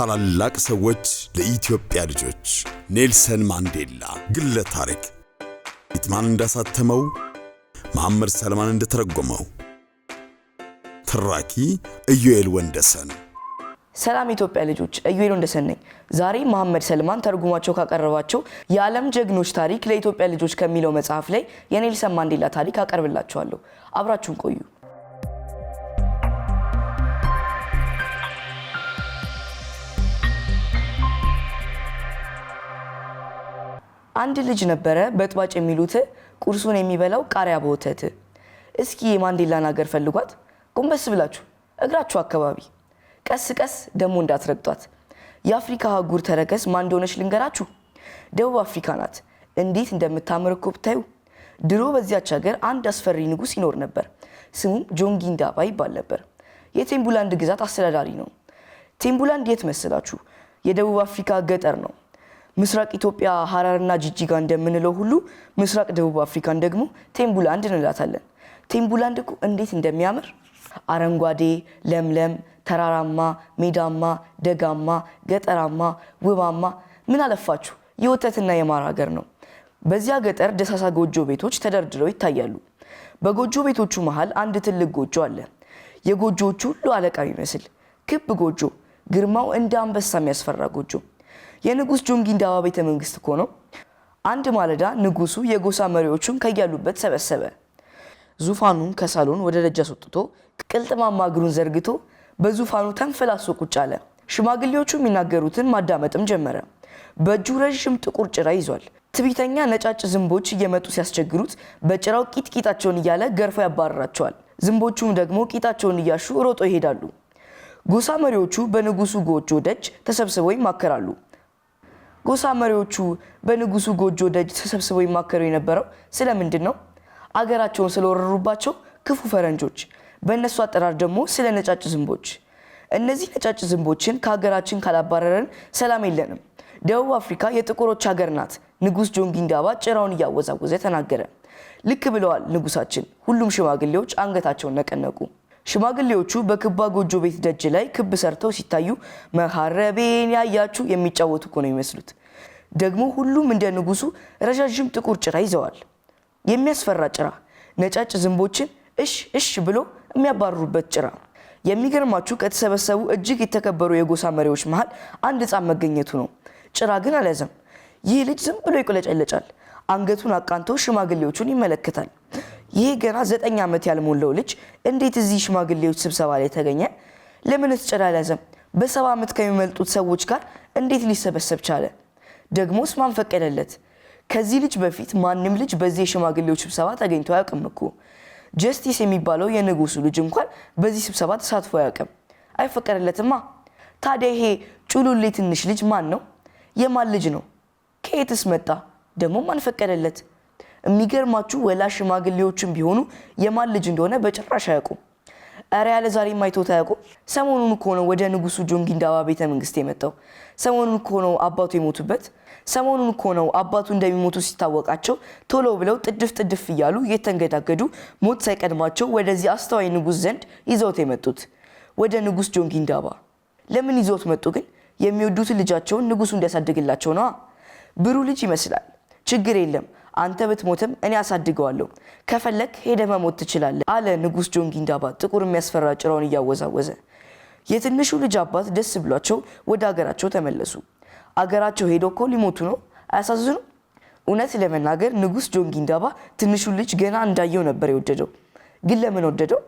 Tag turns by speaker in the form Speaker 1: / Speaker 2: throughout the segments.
Speaker 1: ታላላቅ ሰዎች ለኢትዮጵያ ልጆች ኔልሰን ማንዴላ ግለ ታሪክ ኢትማን እንዳሳተመው መሐመድ ሰለማን እንደተረጎመው ተራኪ ኢዩኤል ወንደሰን።
Speaker 2: ሰላም ኢትዮጵያ ልጆች፣ ኢዩኤል ወንደሰን ነኝ። ዛሬ መሐመድ ሰልማን ተርጉማቸው ካቀረባቸው የዓለም ጀግኖች ታሪክ ለኢትዮጵያ ልጆች ከሚለው መጽሐፍ ላይ የኔልሰን ማንዴላ ታሪክ አቀርብላችኋለሁ። አብራችሁን ቆዩ። አንድ ልጅ ነበረ በጥባጭ የሚሉት ቁርሱን የሚበላው ቃሪያ በወተት። እስኪ የማንዴላን ሀገር ፈልጓት፣ ጎንበስ ብላችሁ እግራችሁ አካባቢ ቀስ ቀስ ደሞ እንዳትረግጧት። የአፍሪካ አህጉር ተረከዝ ማን እንደሆነች ልንገራችሁ፣ ደቡብ አፍሪካ ናት። እንዴት እንደምታምር እኮ ብታዩ። ድሮ በዚያች ሀገር አንድ አስፈሪ ንጉስ ይኖር ነበር። ስሙም ጆንጊ እንዳባ ይባል ነበር። የቴምቡላንድ ግዛት አስተዳዳሪ ነው። ቴምቡላንድ የት መሰላችሁ? የደቡብ አፍሪካ ገጠር ነው። ምስራቅ ኢትዮጵያ ሀረርና ጅጅጋ እንደምንለው ሁሉ ምስራቅ ደቡብ አፍሪካን ደግሞ ቴምቡላንድ እንላታለን። ቴምቡላንድ እኮ እንዴት እንደሚያምር አረንጓዴ፣ ለምለም፣ ተራራማ፣ ሜዳማ፣ ደጋማ፣ ገጠራማ፣ ውባማ ምን አለፋችሁ የወተትና የማር ሀገር ነው። በዚያ ገጠር ደሳሳ ጎጆ ቤቶች ተደርድረው ይታያሉ። በጎጆ ቤቶቹ መሃል አንድ ትልቅ ጎጆ አለ። የጎጆዎቹ ሁሉ አለቃ ይመስል ክብ ጎጆ፣ ግርማው እንደ አንበሳ የሚያስፈራ ጎጆ የንጉስ ጆንጊንዳ ቤተ መንግስት እኮ ነው። አንድ ማለዳ ንጉሱ የጎሳ መሪዎቹን ከያሉበት ሰበሰበ። ዙፋኑን ከሳሎን ወደ ደጅ አስወጥቶ ቅልጥማማ እግሩን ዘርግቶ በዙፋኑ ተንፈላሶ ቁጭ አለ። ሽማግሌዎቹ የሚናገሩትን ማዳመጥም ጀመረ። በእጁ ረዥም ጥቁር ጭራ ይዟል። ትቢተኛ ነጫጭ ዝንቦች እየመጡ ሲያስቸግሩት በጭራው ቂጥቂጣቸውን እያለ ገርፎ ያባረራቸዋል። ዝንቦቹም ደግሞ ቂጣቸውን እያሹ ሮጦ ይሄዳሉ። ጎሳ መሪዎቹ በንጉሱ ጎጆ ደጅ ተሰብስበው ይማከራሉ። ጎሳ መሪዎቹ በንጉሱ ጎጆ ደጅ ተሰብስበው ይማከሩ የነበረው ስለምንድን ነው? አገራቸውን ስለወረሩባቸው ክፉ ፈረንጆች፣ በእነሱ አጠራር ደግሞ ስለ ነጫጭ ዝንቦች። እነዚህ ነጫጭ ዝንቦችን ከሀገራችን ካላባረረን ሰላም የለንም። ደቡብ አፍሪካ የጥቁሮች ሀገር ናት፣ ንጉስ ጆን ጭራውን እያወዛወዘ ተናገረ። ልክ ብለዋል ንጉሳችን። ሁሉም ሽማግሌዎች አንገታቸውን ነቀነቁ። ሽማግሌዎቹ በክባ ጎጆ ቤት ደጅ ላይ ክብ ሰርተው ሲታዩ መሃረቤን ያያችሁ የሚጫወቱ እኮ ነው የሚመስሉት። ደግሞ ሁሉም እንደ ንጉሱ ረዣዥም ጥቁር ጭራ ይዘዋል። የሚያስፈራ ጭራ፣ ነጫጭ ዝንቦችን እሽ እሽ ብሎ የሚያባርሩበት ጭራ። የሚገርማችሁ ከተሰበሰቡ እጅግ የተከበሩ የጎሳ መሪዎች መሃል አንድ ሕፃን መገኘቱ ነው። ጭራ ግን አልያዘም። ይህ ልጅ ዝም ብሎ ይቁለጨለጫል። አንገቱን አቃንቶ ሽማግሌዎቹን ይመለከታል። ይህ ገና ዘጠኝ ዓመት ያልሞላው ልጅ እንዴት እዚህ ሽማግሌዎች ስብሰባ ላይ ተገኘ? ለምንስ ጭራ በሰባ ዓመት ከሚመልጡት ሰዎች ጋር እንዴት ሊሰበሰብ ቻለ? ደግሞስ ማን ፈቀደለት? ከዚህ ልጅ በፊት ማንም ልጅ በዚህ የሽማግሌዎች ስብሰባ ተገኝቶ አያውቅም እኮ። ጀስቲስ የሚባለው የንጉሱ ልጅ እንኳን በዚህ ስብሰባ ተሳትፎ አያውቅም። አይፈቀደለትማ። ታዲያ ይሄ ጩሉሌ ትንሽ ልጅ ማን ነው? የማን ልጅ ነው? ከየትስ መጣ? ደግሞ ማን ፈቀደለት? የሚገርማችሁ ወላ ሽማግሌዎችም ቢሆኑ የማን ልጅ እንደሆነ በጭራሽ አያውቁም። እረ ያለ ዛሬ አይቶት አያውቁም። ሰሞኑን እኮ ነው ወደ ንጉሱ ጆንጊንዳባ ቤተ መንግስት የመጣው። ሰሞኑን እኮ ነው አባቱ የሞቱበት። ሰሞኑን እኮ ነው አባቱ እንደሚሞቱ ሲታወቃቸው ቶሎ ብለው ጥድፍ ጥድፍ እያሉ እየተንገዳገዱ ሞት ሳይቀድማቸው ወደዚህ አስተዋይ ንጉስ ዘንድ ይዘውት የመጡት ወደ ንጉስ ጆንጊንዳባ። ለምን ይዘውት መጡ ግን? የሚወዱትን ልጃቸውን ንጉሱ እንዲያሳድግላቸው ነዋ። ብሩህ ልጅ ይመስላል። ችግር የለም አንተ ብትሞትም እኔ አሳድገዋለሁ፣ ከፈለክ ሄደ መሞት ትችላለህ አለ ንጉሥ ጊንዳባ ጥቁር የሚያስፈራ ጭራውን እያወዛወዘ። የትንሹ ልጅ አባት ደስ ብሏቸው ወደ አገራቸው ተመለሱ። አገራቸው ሄደው እኮ ሊሞቱ ነው፣ አያሳዝኑም? እውነት ለመናገር ንጉሥ ጊንዳባ ትንሹ ልጅ ገና እንዳየው ነበር የወደደው። ግን ለምን ወደደው?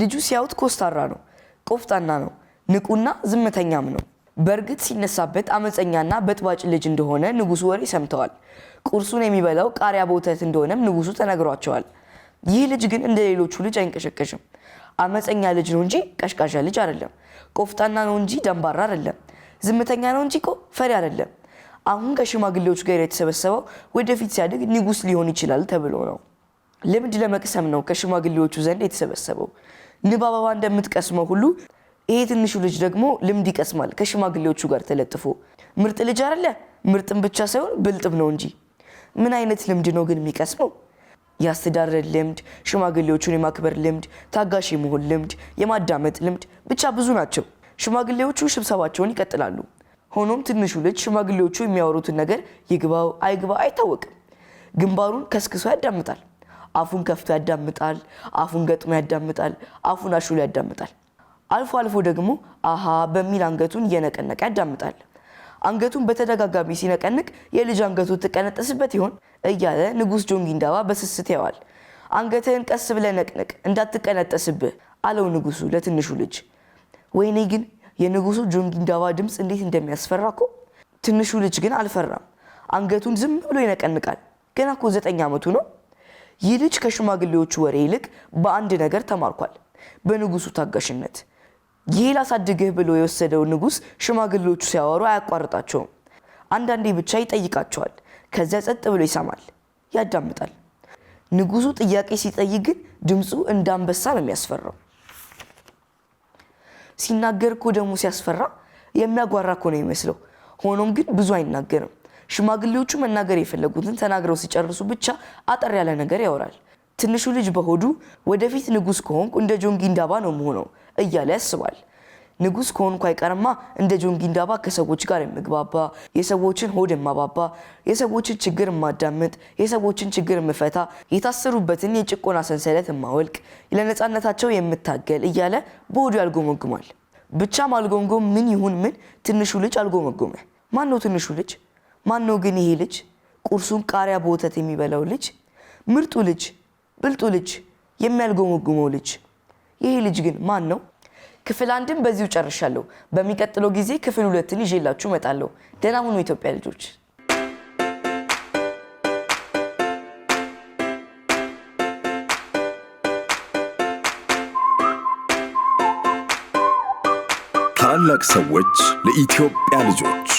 Speaker 2: ልጁ ሲያዩት ኮስታራ ነው፣ ቆፍጣና ነው፣ ንቁና ዝምተኛም ነው። በእርግጥ ሲነሳበት አመፀኛና በጥባጭ ልጅ እንደሆነ ንጉሱ ወሬ ሰምተዋል። ቁርሱን የሚበላው ቃሪያ በወተት እንደሆነም ንጉሱ ተነግሯቸዋል። ይህ ልጅ ግን እንደ ሌሎቹ ልጅ አይንቀሸቀሽም። አመፀኛ ልጅ ነው እንጂ ቀሽቃሻ ልጅ አይደለም። ቆፍጣና ነው እንጂ ደንባራ አይደለም። ዝምተኛ ነው እንጂ እኮ ፈሪ አይደለም። አሁን ከሽማግሌዎች ጋር የተሰበሰበው ወደፊት ሲያድግ ንጉስ ሊሆን ይችላል ተብሎ ነው። ልምድ ለመቅሰም ነው ከሽማግሌዎቹ ዘንድ የተሰበሰበው። ንብ አበባ እንደምትቀስመው ሁሉ ይሄ ትንሹ ልጅ ደግሞ ልምድ ይቀስማል ከሽማግሌዎቹ ጋር ተለጥፎ። ምርጥ ልጅ አይደለ? ምርጥም ብቻ ሳይሆን ብልጥም ነው እንጂ። ምን አይነት ልምድ ነው ግን የሚቀስመው? የአስተዳደር ልምድ፣ ሽማግሌዎቹን የማክበር ልምድ፣ ታጋሽ የመሆን ልምድ፣ የማዳመጥ ልምድ፣ ብቻ ብዙ ናቸው። ሽማግሌዎቹ ስብሰባቸውን ይቀጥላሉ። ሆኖም ትንሹ ልጅ ሽማግሌዎቹ የሚያወሩትን ነገር ይግባው አይግባ አይታወቅም። ግንባሩን ከስክሶ ያዳምጣል። አፉን ከፍቶ ያዳምጣል። አፉን ገጥሞ ያዳምጣል። አፉን አሹሎ ያዳምጣል። አልፎ አልፎ ደግሞ አሃ በሚል አንገቱን እየነቀነቀ ያዳምጣል። አንገቱን በተደጋጋሚ ሲነቀንቅ የልጅ አንገቱ ትቀነጠስበት ይሆን እያለ ንጉሥ ጆንጊንዳባ በስስት ያዋል። አንገትህን ቀስ ብለህ ነቅንቅ እንዳትቀነጠስብህ አለው ንጉሱ ለትንሹ ልጅ። ወይኔ ግን የንጉሱ ጆንጊንዳባ ድምፅ እንዴት እንደሚያስፈራ እኮ! ትንሹ ልጅ ግን አልፈራም። አንገቱን ዝም ብሎ ይነቀንቃል። ገና እኮ ዘጠኝ ዓመቱ ነው። ይህ ልጅ ከሽማግሌዎቹ ወሬ ይልቅ በአንድ ነገር ተማርኳል፣ በንጉሱ ታጋሽነት። ይህ ላሳድግህ ብሎ የወሰደው ንጉስ ሽማግሌዎቹ ሲያወሩ አያቋርጣቸውም። አንዳንዴ ብቻ ይጠይቃቸዋል። ከዚያ ጸጥ ብሎ ይሰማል፣ ያዳምጣል። ንጉሱ ጥያቄ ሲጠይቅ ግን ድምፁ እንዳንበሳ ነው የሚያስፈራው። ሲናገር እኮ ደግሞ ሲያስፈራ የሚያጓራ እኮ ነው የሚመስለው። ሆኖም ግን ብዙ አይናገርም። ሽማግሌዎቹ መናገር የፈለጉትን ተናግረው ሲጨርሱ ብቻ አጠር ያለ ነገር ያወራል። ትንሹ ልጅ በሆዱ ወደፊት ንጉሥ ከሆንኩ እንደ ጆን ጊንዳባ ነው መሆነው እያለ ያስባል። ንጉሥ ከሆንኩ አይቀርማ እንደ ጆን ጊንዳባ ከሰዎች ጋር የምግባባ፣ የሰዎችን ሆድ የማባባ፣ የሰዎችን ችግር የማዳምጥ፣ የሰዎችን ችግር የምፈታ፣ የታሰሩበትን የጭቆና ሰንሰለት የማወልቅ፣ ለነፃነታቸው የምታገል እያለ በሆዱ ያልጎመጉማል። ብቻ ማልጎምጎም ምን ይሁን ምን ትንሹ ልጅ አልጎመጎመ። ማን ነው ትንሹ ልጅ? ማን ነው ግን ይሄ ልጅ ቁርሱን ቃሪያ በወተት የሚበላው ልጅ? ምርጡ ልጅ ብልጡ ልጅ፣ የሚያልጎመጉመው ልጅ። ይሄ ልጅ ግን ማን ነው? ክፍል አንድን በዚሁ ጨርሻለሁ። በሚቀጥለው ጊዜ ክፍል ሁለትን ይዤላችሁ እመጣለሁ። ደህና ሁኑ ኢትዮጵያ ልጆች። ታላላቅ ሰዎች ለኢትዮጵያ ልጆች